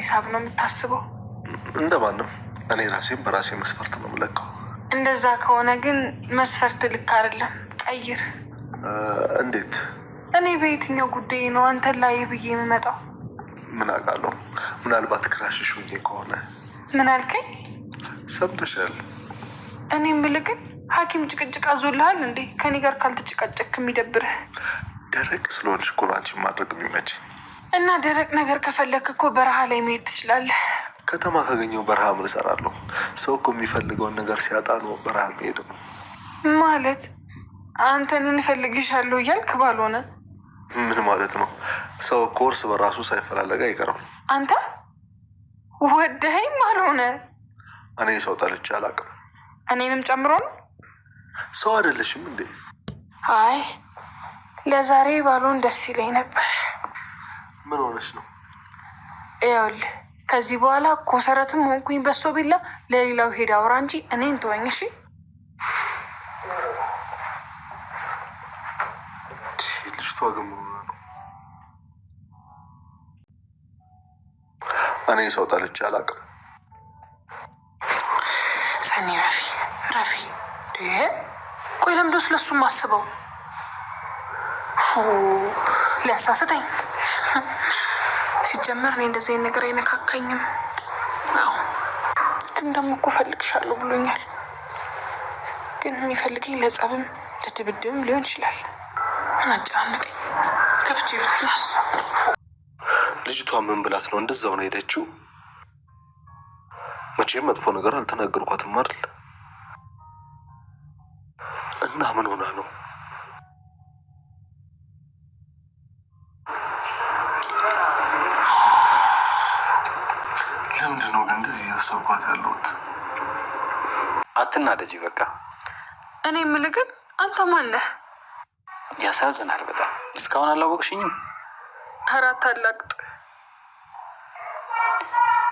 ሂሳብ ነው የምታስበው? እንደ ማንም እኔ ራሴም በራሴ መስፈርት ነው የምለካው። እንደዛ ከሆነ ግን መስፈርት ልክ አይደለም፣ ቀይር። እንዴት? እኔ በየትኛው ጉዳይ ነው አንተን ላይ ብዬ የምመጣው? ምን አውቃለሁ። ምናልባት ክራሽሽ ሁኜ ከሆነ ምን አልከኝ? ሰምተሻል። እኔም ብልህ ግን ሐኪም ጭቅጭቅ አዞልሃል እንዴ? ከኔ ጋር ካልተጨቃጨቅ የሚደብርህ ደረቅ ስለሆንሽ እኮ ነው አንቺን ማድረግ የሚመችኝ እና ደረቅ ነገር ከፈለክ እኮ በረሃ ላይ መሄድ ትችላለህ። ከተማ ካገኘው በረሃ ምን እሰራለሁ? ሰው እኮ የሚፈልገውን ነገር ሲያጣ ነው በረሃ መሄድ ማለት። አንተን እንፈልግሻለሁ እያልክ ባልሆነ ምን ማለት ነው? ሰው እኮ እርስ በራሱ ሳይፈላለግ አይቀርም። አንተ ወደኸኝ አልሆነ። እኔ ሰው ጠልቼ አላውቅም። እኔንም ጨምሮ ነው። ሰው አይደለሽም እንዴ? አይ ለዛሬ ባልሆን ደስ ይለኝ ነበር። ምን ሆነች ነው? ይኸውልህ ከዚህ በኋላ ኮሰረትም ሆንኩኝ በሶ ቢላ ለሌላው ሄድ አውራ እንጂ እኔን ተወኝ እሺ። ልጅቷ ግን እኔ ሰው ጠልቼ አላውቅም። ሰኒ ረፊ ረፊ ቆይ ለምዶ ስለሱ ማስበው ሊያሳስተኝ ሲጀመር እኔ እንደዚህ ነገር አይነካካኝም። ግን ደግሞ እኮ ፈልግሻለሁ ብሎኛል። ግን የሚፈልገኝ ለጸብም ለድብድብም ሊሆን ይችላል። አጨናነቀኝ? ገብቼ ብተኛስ። ልጅቷ ምን ብላት ነው እንደዛው ነው ሄደችው? መቼም መጥፎ ነገር አልተናገርኳትም አይደል? እና ምን ሆና ነው እየተሳሳብኳት ያለሁት። አትናደጂ በቃ። እኔ የምልህ ግን አንተ ማን ያሳዝናል በጣም እስካሁን አላወቅሽኝም? ኧረ አታላቅጥ።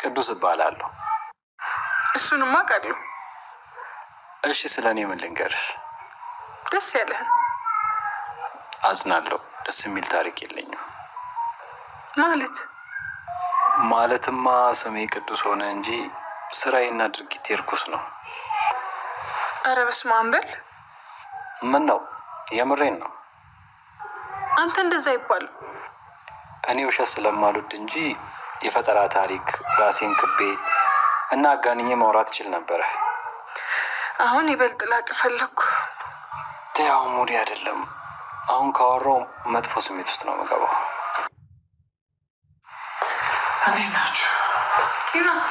ቅዱስ እባላለሁ። እሱንም አውቃለሁ። እሺ ስለ እኔ ምን ልንገርሽ? ደስ ያለህን። አዝናለሁ። ደስ የሚል ታሪክ የለኝም ማለት ማለትማ ስሜ ቅዱስ ሆነ እንጂ ስራዬና ድርጊቴ እርኩስ ነው። ኧረ በስመ አብ በል። ምን ነው? የምሬን ነው። አንተ እንደዛ ይባል። እኔ ውሸት ስለማሉድ እንጂ የፈጠራ ታሪክ ራሴን ክቤ እና አጋንኜ ማውራት እችል ነበረ። አሁን ይበልጥ ላቅ ፈለግኩ። ያው ሙዲ አይደለም። አሁን ካወራው መጥፎ ስሜት ውስጥ ነው የምገባው። እኔ ናችሁ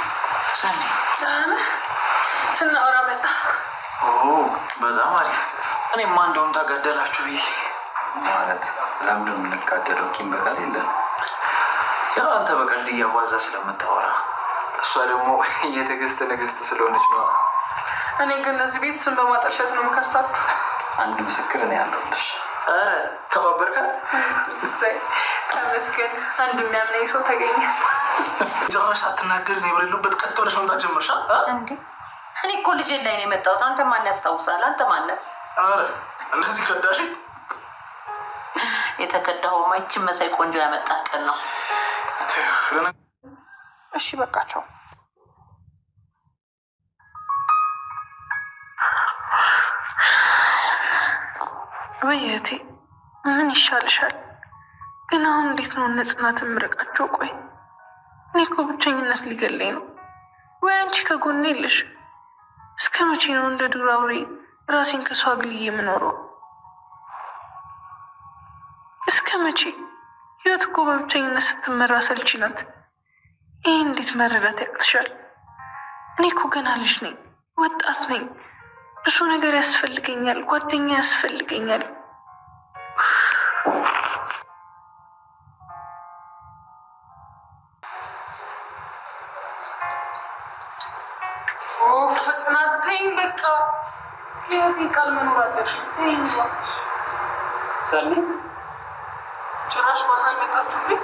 ስናወራ መጣ። በጣም አሪፍ። እኔማ እንደውም ታጋደላችሁ ብዬ ማለት ለምንድን ነው የምንጋደለው? ኪም በቀል የለን። ያው አንተ በቀልድ እያዋዛ ስለምታወራ እሷ ደግሞ የትዕግስት ንግስት ስለሆነች ነው። እኔ ግን እዚህ ቤት ስም በማጠልሸት ነው የምከሳችሁ። አንድ ምስክር ነው ያለሁልሽ። ተባበርካት። ተመስገን፣ አንድ የሚያምነኝ ሰው ተገኘ። ጭራሽ አትናገር ነው በሌለሁበት ቀጥ ብለሽ መምጣት ጀመርሻ። እኔ እኮ ልጅ ላይ ነው የመጣሁት። አንተ ማን ያስታውሳል? አንተ ማን ነህ? ኧረ እነዚህ ከዳሽ የተከዳው ማይችን መሳይ ቆንጆ ያመጣህ ቀን ነው። እሺ በቃቸው። ወይ ምን ይሻልሻል? ግን አሁን እንዴት ነው እነ ጽናትን ምርቃቸው? ቆይ እኔ እኮ ብቸኝነት ሊገለኝ ነው። ወይ አንቺ ከጎን የለሽ። እስከ መቼ ነው እንደ ዱር አውሬ ራሴን ከሷ አግልዬ የምኖረው? እስከ መቼ? ህይወት እኮ በብቸኝነት ስትመራ ሰልቺ ናት። ይህ እንዴት መረዳት ያቅትሻል? እኔ እኮ ገና ልጅ ነኝ፣ ወጣት ነኝ። ብዙ ነገር ያስፈልገኛል፣ ጓደኛ ያስፈልገኛል። ጽናት ተይኝ፣ በቃ ህይወቴ ቃል መኖር አለብ። ተይኝ እባክሽ። ሰኒ ጭራሽ ማታ አልመጣችሁብኝ።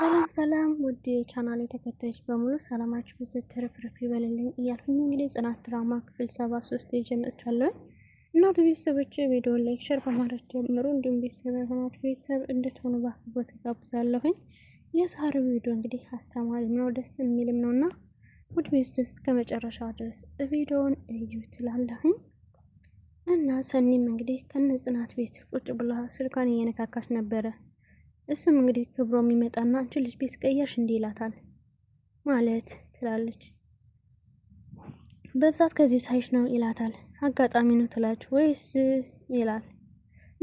ሰላም ሰላም፣ ውድ የቻናል የተከታዮች በሙሉ ሰላማችሁ ብዙ ትርፍርፍ ይበልልኝ እያልኩኝ እንግዲህ ጽናት ድራማ ክፍል ሰባ ሶስት ይጀምራለሁ። እናቱ ቤተሰቦች ቪዲዮ ላይክ፣ ሸር በማድረግ ጀምሩ። እንዲሁም ቤተሰብ ያልሆናችሁ ቤተሰብ እንድትሆኑ በአክብሮት ጋብዛለሁኝ። የዛሬው ቪዲዮ እንግዲህ አስተማሪም ነው ደስ የሚልም ነውና ውድ ቤት ውስጥ መጨረሻው ድረስ ቪዲዮውን እዩ ትላለሁኝ። እና ሰኒም እንግዲህ ከነ ጽናት ቤት ቁጭ ብላ ስልኳን እየነካካች ነበረ። እሱም እንግዲህ ክብሮ የሚመጣና አንቺ ልጅ ቤት ቀየርሽ እንዲህ ይላታል። ማለት ትላለች። በብዛት ከዚህ ሳይሽ ነው ይላታል። አጋጣሚ ነው ትላለች ወይስ ይላል።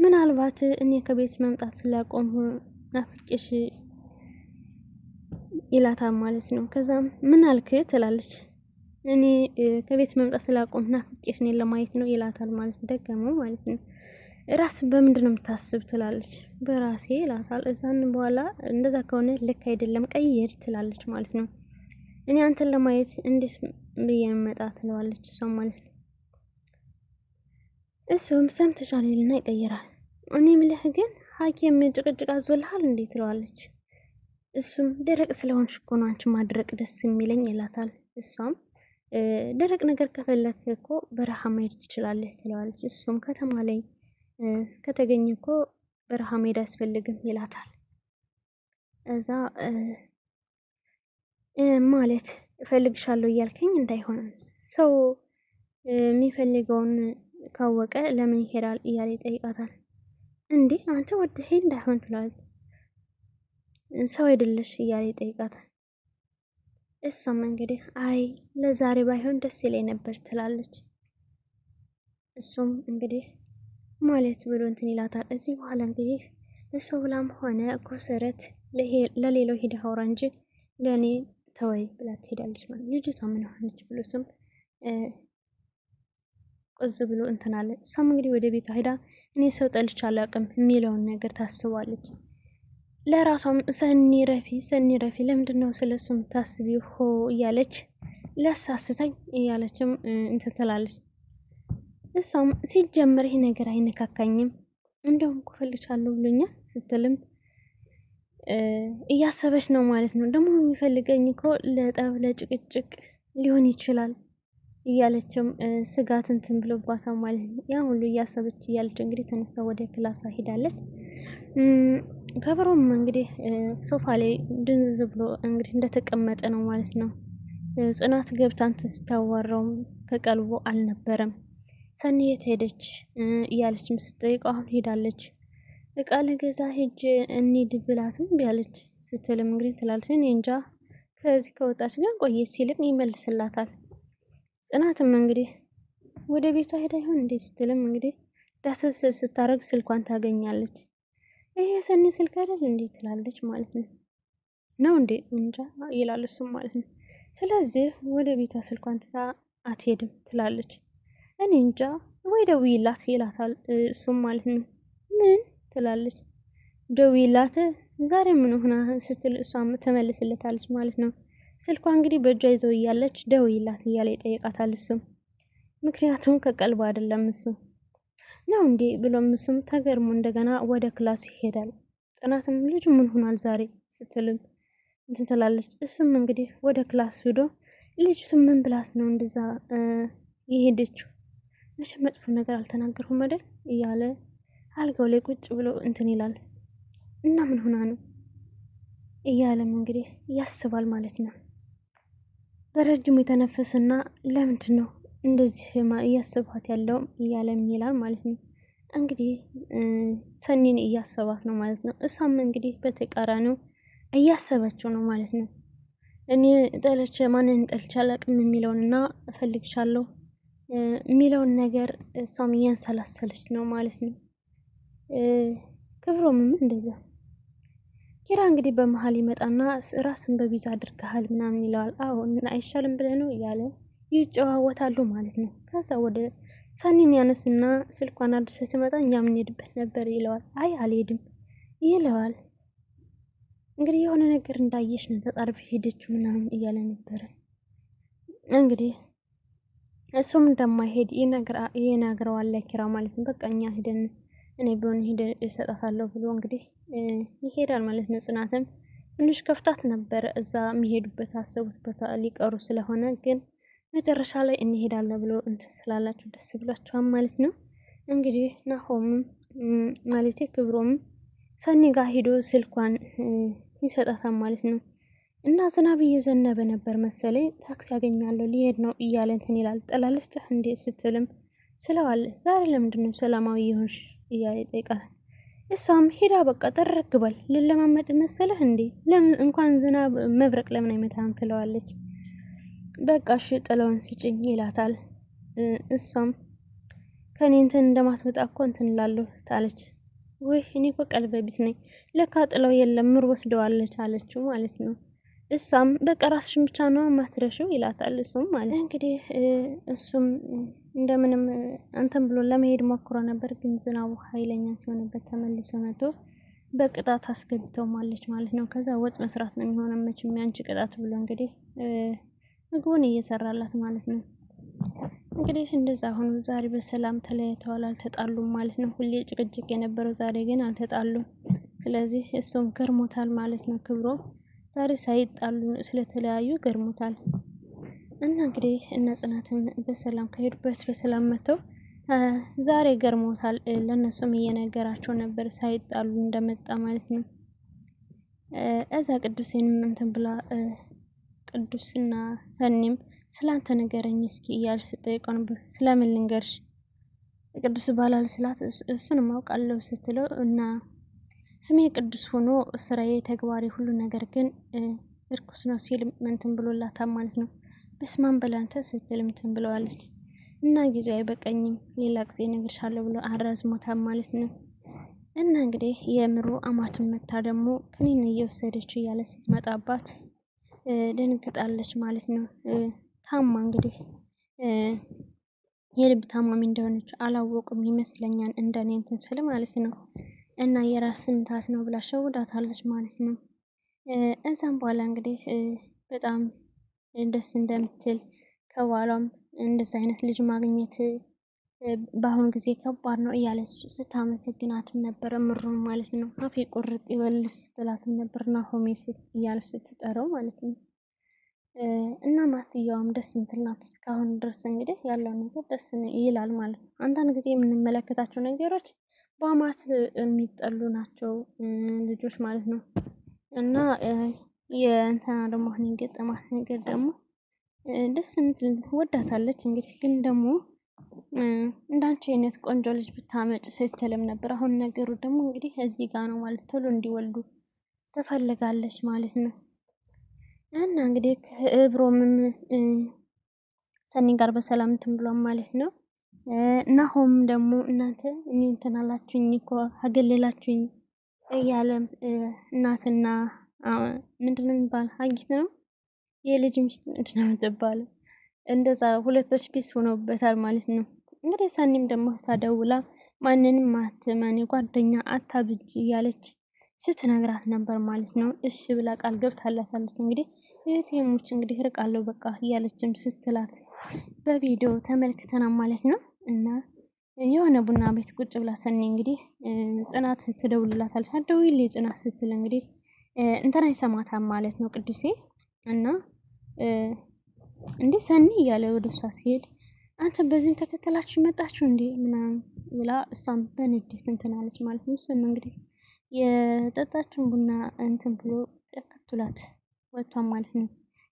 ምናልባት እኔ ከቤት መምጣት ስላቆም ናፍቄሽ ይላታል ማለት ነው። ከዛም ምን አልክ ትላለች። እኔ ከቤት መምጣት ስላቆም ውጤት እኔን ለማየት ነው ይላታል ማለት ነው። ደገመው ማለት ነው። ራስ በምንድን ነው የምታስብ ትላለች። በራሴ ይላታል። እዛን በኋላ እንደዛ ከሆነ ልክ አይደለም ቀይር ትላለች ማለት ነው። እኔ አንተን ለማየት እንዴት ብዬ ትለዋለች እሷ ማለት ነው። እሱም ሰምተሻል ይልና ይቀይራል። እኔ ምልህ ግን ሐኪም ጭቅጭቅ አዞልሃል እንዴ ትለዋለች። እሱም ደረቅ ስለሆንሽ እኮ ነው አንቺ ማድረቅ ደስ የሚለኝ ይላታል። እሷም ደረቅ ነገር ከፈለክ እኮ በረሃ መሄድ ትችላለህ ትለዋለች። እሱም ከተማ ላይ ከተገኘ እኮ በረሃ መሄድ አያስፈልግም ይላታል። እዛ ማለት እፈልግሻለሁ እያልከኝ እንዳይሆንም ሰው የሚፈልገውን ካወቀ ለምን ይሄዳል እያለ ይጠይቃታል። እንዴ አንተ ወደ ሄ እንዳይሆን ትለዋለች። ሰው አይደለሽ እያለ ይጠይቃታል። እሷም እንግዲህ አይ ለዛሬ ባይሆን ደስ ይለኝ ነበር ትላለች። እሱም እንግዲህ ማለት ብሎ እንትን ይላታል። እዚህ በኋላ እንግዲህ እሱ ብላም ሆነ ኩስረት ለሌላው ሄደ አውራ እንጂ ለእኔ ተወይ ብላ ትሄዳለች። ማለት ልጅቷ ምን ሆነች ብሎ ስም ቁዝ ብሎ እንትናለች። እሷም እንግዲህ ወደ ቤቷ ሂዳ እኔ ሰው ጠልቻ አላውቅም የሚለውን ነገር ታስባለች። ለራሷም ሰኒ ረፊ ሰኒ ረፊ ለምንድን ነው ስለ እሱ ታስቢ ሆ እያለች ለሳስተኝ እያለችም እንትን ትላለች። እሷም ሲጀመር ይህ ነገር አይነካካኝም እንደውም ኩፈልቻለሁ ብሎኛል ስትልም እያሰበች ነው ማለት ነው። ደግሞ የሚፈልገኝ እኮ ለጠብ ለጭቅጭቅ ሊሆን ይችላል እያለችም ስጋት እንትን ብሎባታል ማለት ነው። ያ ሁሉ እያሰበች እያለች እንግዲህ ተነስታ ወደ ክላሷ ሄዳለች። ከበሮም እንግዲህ ሶፋ ላይ ድንዝዝ ብሎ እንግዲህ እንደተቀመጠ ነው ማለት ነው። ጽናት ገብታ እንትን ስታዋራውም ከቀልቦ አልነበረም። ሰኒ የት ሄደች እያለችም ስትጠይቀው አሁን ሄዳለች እቃ ልገዛ ሄጅ እንሂድ ብላትም ቢያለች ስትልም እንግዲህ ትላለች እኔ እንጃ ከዚህ ከወጣች ግን ቆየች ሲልም ይመልስላታል። ጽናትም እንግዲህ ወደ ቤቷ ሄዳ ይሆን እንዴ ስትልም እንግዲህ ዳስስ ስታደርግ ስልኳን ታገኛለች። ይሄ የሰኒ ስልክ አይደል እንዴ ትላለች ማለት ነው። ነው እንዴ እንጃ ይላል እሱም ማለት ነው። ስለዚህ ወደ ቤቷ ስልኳን ትታ አትሄድም ትላለች። እኔ እንጃ ወይ ደውዪላት ይላታል እሱም ማለት ነው። ምን ትላለች ደውዪላት ዛሬ ምን ሆና ስትል እሷም ትመልስለታለች ማለት ነው። ስልኳ እንግዲህ በእጇ ይዘው እያለች ደውይላት እያለ ይጠይቃታል። እሱም ምክንያቱም ከቀልቡ አይደለም እሱ ነው እንዴ ብሎም እሱም ተገርሞ እንደገና ወደ ክላሱ ይሄዳል። ጽናትም ልጁ ምን ሆኗል ዛሬ ስትልም እንትን ትላለች። እሱም እንግዲህ ወደ ክላሱ ሂዶ ልጅቱ ምን ብላት ነው እንደዛ የሄደችው? መቼ መጥፎ ነገር አልተናገርኩም አይደል እያለ አልጋው ላይ ቁጭ ብሎ እንትን ይላል እና ምን ሆና ነው እያለም እንግዲህ ያስባል ማለት ነው። በረጅሙ የተነፈሰና ለምንድን ነው እንደዚህ እያስብኋት ያለውም እያለም ይላል ማለት ነው። እንግዲህ ሰኒን እያሰባት ነው ማለት ነው። እሷም እንግዲህ በተቃራኒው እያሰበችው ነው ማለት ነው። እኔ ጠለች ማንን ጠልቼ አላውቅም የሚለውንና እፈልግሻለሁ የሚለውን ነገር እሷም እያንሰላሰለች ነው ማለት ነው። ክብሮምም እንደዚያ ኪራ እንግዲህ በመሀል ይመጣና ራስን በቢዛ አድርገሃል ምናምን ይለዋል። አዎ አይሻልም ብለህ ነው እያለ ይጨዋወታሉ ማለት ነው። ከዛ ወደ ሰኒን ያነሱና ስልኳን አዲስ ትመጣ እኛ ምንሄድበት ነበር ይለዋል። አይ አልሄድም ይለዋል። እንግዲህ የሆነ ነገር እንዳየሽ ነው ተጣርፍ ሄደች ምናምን እያለ ነበረ እንግዲህ እሱም እንደማይሄድ ይነግረዋል ኪራ ማለት ነው። በቃ እኛ ሄደን እኔ ቢሆን ሄደ እሰጣታለሁ ብሎ እንግዲህ ይሄዳል ማለት ነው። ጽናትም ትንሽ ከፍታት ነበረ እዛ የሚሄዱበት አሰቡት ቦታ ሊቀሩ ስለሆነ ግን መጨረሻ ላይ እንሄዳለን ብሎ እንትን ስላላችሁ ደስ ብሏቸዋል ማለት ነው። እንግዲህ ናሆምም ማለት ክብሮም ሰኒ ጋር ሂዶ ስልኳን ይሰጣታል ማለት ነው። እና ዝናብ እየዘነበ ነበር መሰለኝ ታክሲ ያገኛለሁ ሊሄድ ነው እያለ እንትን ይላል። ጠላልስጥህ እንዴ ስትልም ስለዋለ ዛሬ ለምንድነው ሰላማዊ የሆንሽ እያለ ይጠይቃታል። እሷም ሄዳ በቃ ጥርቅ በል ልለማመጥ መሰለህ እንዴ ለምን እንኳን ዝናብ መብረቅ ለምን አይመታም ትለዋለች። በቃ እሺ ጥለውን ስጭኝ ይላታል። እሷም ከኔ እንትን እንደማትመጣ እኮ እንትን ላለሁ ስታለች ወይ እኔ እኮ ቀልበ ቢስ ነኝ ለካ ጥለው የለም ምር ወስደዋለች አለችው ማለት ነው። እሷም በቃ ራስሽን ብቻ ነው ማትረሺው ይላታል። እሱም ማለት እንግዲህ እሱም እንደምንም አንተም ብሎ ለመሄድ ሞክሮ ነበር፣ ግን ዝናቡ ኃይለኛ ሲሆንበት ተመልሶ መቶ በቅጣት አስገብተው ማለች ማለት ነው። ከዛ ወጥ መስራት ነው የሚሆነ መች የሚያንቺ ቅጣት ብሎ እንግዲህ ምግቡን እየሰራላት ማለት ነው። እንግዲህ እንደዛ አሁኑ ዛሬ በሰላም ተለያይተዋል፣ አልተጣሉም ማለት ነው። ሁሌ ጭቅጭቅ የነበረው ዛሬ ግን አልተጣሉም። ስለዚህ እሱም ገርሞታል ማለት ነው ክብሮ ዛሬ ሳይጣሉ ስለተለያዩ ገርሞታል። እና እንግዲህ እነ ጽናትም በሰላም ከሄዱበት በሰላም መጥተው ዛሬ ገርሞታል። ለእነሱም እየነገራቸው ነበር ሳይጣሉ እንደመጣ ማለት ነው። እዛ ቅዱሴን እንትን ብላ ቅዱስና ሰኒም ስላንተ ንገረኝ እስኪ እያል ስጠይቀው ነበር። ስለምን ልንገርሽ ቅዱስ ባላል ስላት እሱን ማውቃለሁ ስትለው እና ስሜ ቅዱስ ሆኖ ስራዬ፣ ተግባሬ፣ ሁሉ ነገር ግን እርኩስ ነው ሲል እንትን ብሎላታ ማለት ነው። በስማን በላንተ ስትል እንትን ብለዋለች እና ጊዜው አይበቀኝም ሌላ ጊዜ እነግርሻለሁ ብሎ አራዝሞታ ማለት ነው። እና እንግዲህ የምሩ አማትን መታ ደግሞ ከኔን እየወሰደች እያለ ስትመጣባት ደንግጣለች ማለት ነው። ታማ እንግዲህ የልብ ታማሚ እንደሆነች አላወቁም ይመስለኛል እንደኔ እንትን ስል ማለት ነው። እና የራስ ምታት ነው ብላ ሸውዳታለች ማለት ነው። እዛም በኋላ እንግዲህ በጣም ደስ እንደምትል ከባሏም እንደዚ አይነት ልጅ ማግኘት በአሁኑ ጊዜ ከባድ ነው እያለች ስታመሰግናትም ነበር። ምሩ ማለት ነው አፌ ቁርጥ ይበልስ ስትላትም ነበር ሆሜ እያለች ስትጠራው ማለት ነው። እና ማትያዋም ደስ ምትልናት እስካሁን ድረስ እንግዲህ ያለው ነገር ደስ ይላል ማለት ነው። አንዳንድ ጊዜ የምንመለከታቸው ነገሮች በአማት የሚጠሉ ናቸው ልጆች ማለት ነው። እና የእንትና ደግሞ አሁን የገጠማት ነገር ደግሞ ደስ የምትል ወዳታለች። እንግዲህ ግን ደግሞ እንዳንቺ አይነት ቆንጆ ልጅ ብታመጭ ስትልም ነበር። አሁን ነገሩ ደግሞ እንግዲህ እዚህ ጋር ነው ማለት ቶሎ እንዲወልዱ ትፈልጋለች ማለት ነው። እና እንግዲህ ከብሮምም ሰኒ ጋር በሰላም እንትን ብሏም ማለት ነው። ናሆም ደግሞ እናንተ እኔ እንትን አላችሁኝ እኮ አገለላችሁኝ እያለም እናትና ምንድን ነው የሚባል ሀጊት ነው የልጅ ሚስት ምንድን ነው የምትባለው? እንደዛ ሁለቶች ቢስ ሆነውበታል ማለት ነው። እንግዲህ ሳኒም ደግሞ ታደውላ ማንንም አትመን ጓደኛ አታብጅ እያለች ስትነግራት ነበር ማለት ነው። እሺ ብላ ቃል ገብታላታለች። እንግዲህ እህቴሞች እንግዲህ ርቃለሁ በቃ እያለችም ስትላት በቪዲዮ ተመልክተናል ማለት ነው። እና የሆነ ቡና ቤት ቁጭ ብላ ሰኒ እንግዲህ ጽናት ትደውልላታለች። አትደውይልኝ ጽናት ስትል እንግዲህ እንትና ይሰማታል ማለት ነው ቅዱሴ እና እንዴ ሰኒ እያለ ወደ እሷ ሲሄድ አንተ በዚህም ተከተላችሁ መጣችሁ እንዴ ምናምን ብላ እሷም በንዴት እንትን አለች ማለት ነው። እሱም እንግዲህ የጠጣችውን ቡና እንትን ብሎ ተከትሏት ወጥቷን ማለት ነው።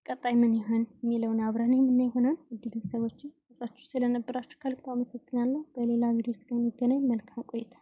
ቀጣይ ምን ይሆን የሚለውን አብረን የምና ይሆናል። ውድ ቤተሰቦችን አብራችሁ ስለነበራችሁ ከልብ አመሰግናለሁ። በሌላ ቪዲዮ እስከሚገናኝ መልካም ቆይታ